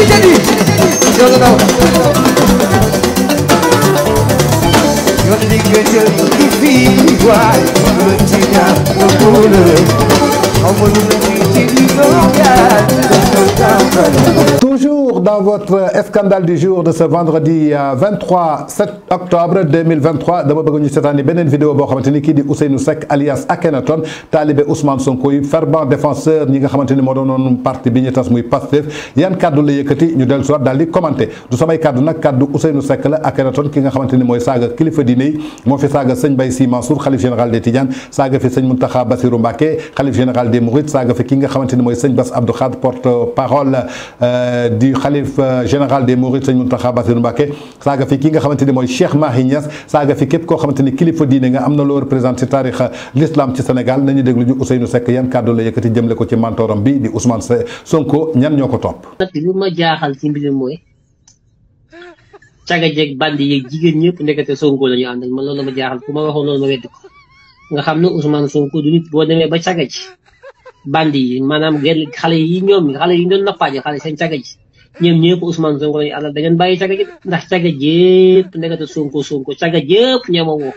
đi chết đi chưa đâu gần đi gần chơi đi phi hoài nhà một cô lời không muốn chỉ chỉ đi dấu cả Toujours dans votre scandale du jour de ce vendredi 23 euh, octobre 2023 de vous ñu seetaan ni vidéo boo xamante ni kii di Ousseynou Seck alias Akenaton, talibé Ousmane Sonko yi fervent défenseur ñi nga xamante ni moo parti bi ñu tas muy Pastef yan kaddu la yëkkati ñu dellu si waat daal di commenté du samay kaddu nag kaddu Ousseynou Seck la Akhenaton ki nga xamante ni mooy saaga kilifa diine fi saaga Mansour Khalif général des Tidianes saga fi Seigne Mountakha Bassirou Mbacké xalif général des Mourides saga fi ki nga xamante ni mooy Bass Abdou porte parole parole euh, du xalif euh, général des Mourides sëñ Mountakha Bassirou Mbacké saaga fi ki nga xamante ni mooy Cheikh Mahi Niass saaga fi képp koo xamante ni kilifa diine nga am na loo représenté taarix euh, l'islam ci Sénégal nañu déglu ñu Ousseynou Seck yan kàddu la yëkkati jëmle ko ci mentoram bi di Ousmane Sonko ñan ñoo ko topp. nag li ma jaaxal ci mbir mooy caga bandi yeeg jigéen ñëpp nekkate Sonko la ñu ànd loolu ma jaaxal ku ma loolu ma wedd ko nga xam bandi mana maanaam genn xale yi ñoom xale yi doon nappaaje xale seen caga ji ñoom ñëpp Ousmane Sonko lañu àllal da ngeen bàyyi caga ji ndax caga jépp nekkata Sonko Sonko caga jépp ñooma woo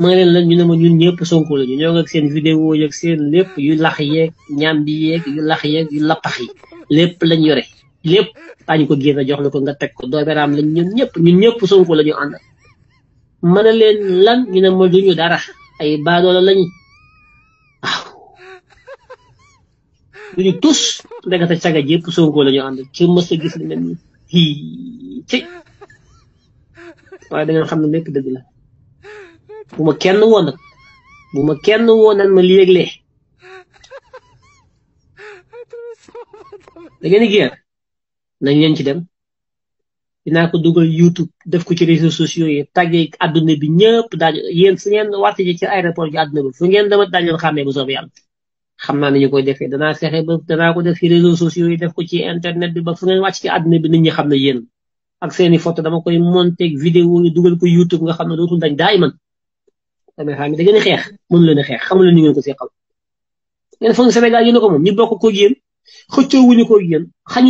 ma ne leen ñu ne ma ñun ñëpp Sonko lañu ñoo ngi ak seen vidéo yeeg seen lépp yu lax yeeg ñambi yeeg yu lax yeeg yu lappax yi lépp lañ yore lépp daañu ko génn jox la ko nga teg ko dooberaam lañ ñun ñëpp ñun ñëpp Sonko lañu ànd ma leen lan ñu ne ma duñu dara ay duñu tus ndekete caga ji yëpp Sonko la ñu ànd ci mës gis li mel ni hii ci waaye da xam ne nekk dëgg la ma kenn woon nag bu ma kenn woon nan ma léegle da ngeen di géer nañ leen ci dem dinaa ko dugal YouTube def ko ci réseaux sociaux yi tàggee adduna bi ñëpp daañu yéen su ngeen wàcc ci aéroport bi adduna bi fu ngeen dama daañu leen xàmmee bu soobee xam naa ni ñu koy defee danaa fexe ba danaa ko def ci réseaux sociaux yi def ko ci internet bi ba fu ngeen wàcc ci àddina bi nit ñi xam ne yéen ak seeni photo dama koy monté vidéo yi dugal ko YouTube nga xam ne dootul dañ daay man tamit xam da ngeen xeex mënu leen a xeex xamu leen ni ngeen ko seqal ngeen foog Sénégal yéen a ko moom ñu bokk ko yéen xëccoo wuñu ko yéen xañu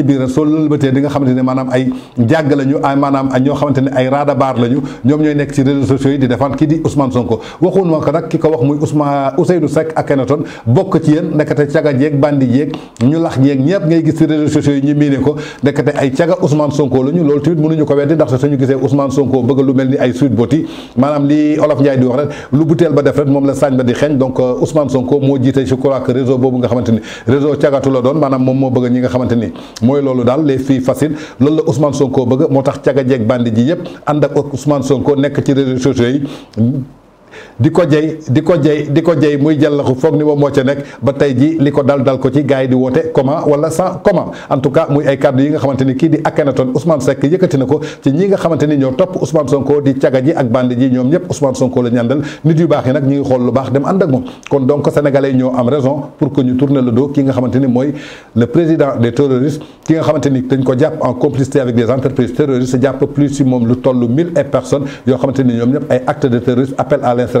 ci soo lëlbatee di nga maanaam ay jàgg lañu ay maanaam ñoo xamante ay raada lañu ñoom ñooy nekk ci réseaux sociaux yi di défendre kii di Ousmane Sonko waxuñu woon ko nag ki ko wax muy Ousmane Ousseynou Seck ak Kenaton bokk ci yéen ndekete caga jeeg bandi jeeg ñu lax jeeg ñëpp ngay gis ci réseaux sociaux yi ñu miine ko ndekete ay caga Ousmane Sonko lañu loolu tamit mënuñu ko weddi ndax suñu gisee Ousmane Sonko bëgg lu mel ni ay suite euh, boti mooy loolu daal les filles faciles loolu la Ousmane Sonko bëgg moo tax caga jeeg bandi ji yëpp ànd ak Ousmane Sonko nekk ci réseaux sociaux yi diko ko jey di ko jey ko muy jàllaxu foog ni moom moo ca nekk ba tay ji li ko dal dal ko ci gars yi di woote comment wala sans comment en tout cas muy ay kàddu yi nga xamante ni kii di Akhenaton Ousmane sekk yëkkati na ko ci ñi nga xamante ni ñoo topp Ousmane Sonko di caga ji ak bandi ji ñoom ñëpp Ousmane Sonko la ñàndal nit yu baax yi nag ñi ngi xool lu baax dem ànd ak moom kon donc sénégalais ñoo am raison pour que ñu tourner le dos ki nga xamante ni mooy le président des terroristes ki nga xamante ni dañ ko jàpp en complicité avec des entreprises terroristes jàpp plus si moom lu toll mille et personnes yoo xamante ni ñoom ñëpp ay actes de terrorisme appel à l'insurrection